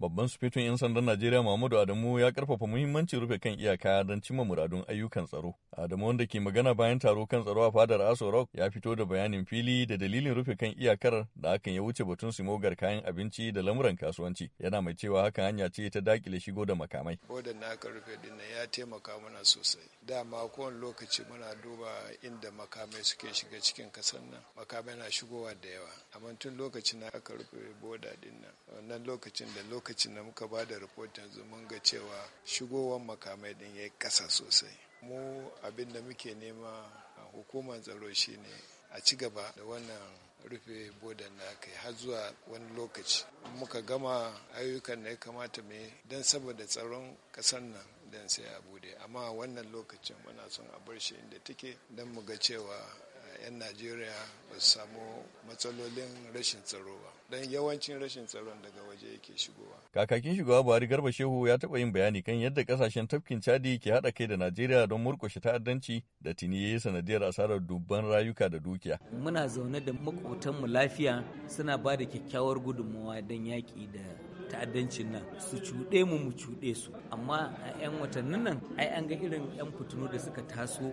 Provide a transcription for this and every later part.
Babban sufetun 'yan sandan Najeriya Muhammadu Adamu ya karfafa muhimmancin rufe kan iyaka don cimma muradun ayyukan tsaro. Adamu wanda ke magana bayan taro kan tsaro a fadar Aso Rock ya fito da bayanin fili da dalilin rufe kan iyakar da hakan ya wuce batun simogar kayan abinci da lamuran kasuwanci. Yana mai cewa hakan hanya ce ta dakile shigo da makamai. Kodan na aka rufe din ya taimaka mana sosai. Dama kowane lokaci muna duba inda makamai suke shiga cikin kasar nan. Makamai na shigowa da yawa. Amma tun lokacin na aka rufe boda din Wannan lokacin da lokacin lokacin da muka ba da rahoton mun ga cewa shigowar makamai din ya yi kasa sosai mu abin da muke nema a hukumar tsaro shine a ci gaba da wannan rufe bodan da aka yi har zuwa wani lokaci muka gama ayyukan da ya kamata mu don saboda tsaron ƙasar nan don sai a bude amma wannan lokacin muna son a bar shi inda take don mu ga cewa eh, 'yan najeriya ba su samu matsalolin rashin tsaro ba don yawancin rashin tsaron daga waje yake shigowa kakakin shugaba Buhari Garba Shehu ya taɓa yin bayani kan yadda kasashen tafkin Chadi ke haɗa kai da Najeriya don murkushe ta'addanci da tuni yi sanadiyar asarar dubban rayuka da dukiya muna zaune da makotanmu lafiya suna ba da kyakkyawar gudunmawa don yaƙi da ta'addancin nan su cuɗe mu mu cuɗe su amma a 'yan watannin nan ai an ga irin 'yan fitinu da suka taso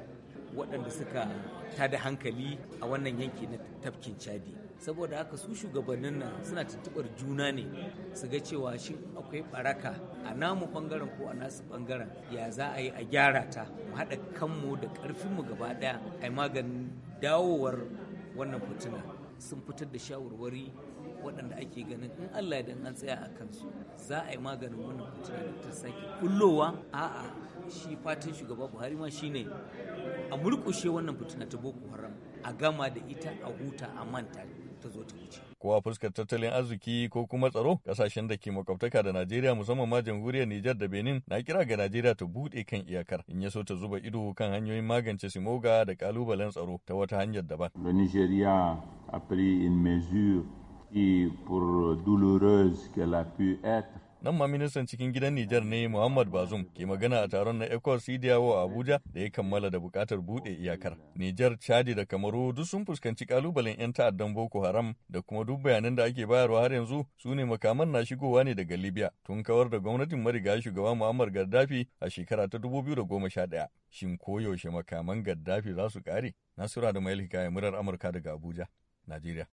waɗanda suka tada hankali a wannan yanki na tafkin chadi saboda haka su shugabannin nan suna tuntuɓar juna ne su ga cewa shi akwai baraka a namu bangaren ko a nasu ɓangaren ya za a yi a gyara ta mu haɗa kanmu da ƙarfinmu gaba ɗaya a maganin dawowar wannan fitina sun fitar da shawarwari waɗanda ake ganin in Allah idan an tsaya a kansu za a yi maganin wannan fitina ta sake kullowa a'a shi fatan shugaba Buhari ma shine a murƙushe wannan fitina ta Boko Haram a gama da ita a huta a manta ta zo ta wuce. Ko fuskar tattalin arziki ko kuma tsaro kasashen da ke makwabtaka da Najeriya musamman ma jamhuriyar Nijar da Benin na kira ga Najeriya ta buɗe kan iyakar in ya so ta zuba ido kan hanyoyin magance simoga da kalubalen tsaro ta wata hanyar daban. Nigeria a pris une mesure et pour douloureuse qu'elle a pu être. nan ma ministan cikin gidan Nijar ne Muhammad Bazum ke magana a taron na ECOWAS Idiawo a Abuja da ya kammala da bukatar bude iyakar. Nijar, Chadi da Kamaru duk sun fuskanci kalubalen 'yan ta'addan Boko Haram da kuma duk bayanan da ake bayarwa har yanzu su ne makaman na shigowa ne daga Libya tun kawar da gwamnatin mariga shugaba Muhammad Gaddafi a shekara ta 2011. Shin koyaushe makaman Gaddafi za su kare? Nasura da Mail Hikaya murar Amurka daga Abuja, Najeriya.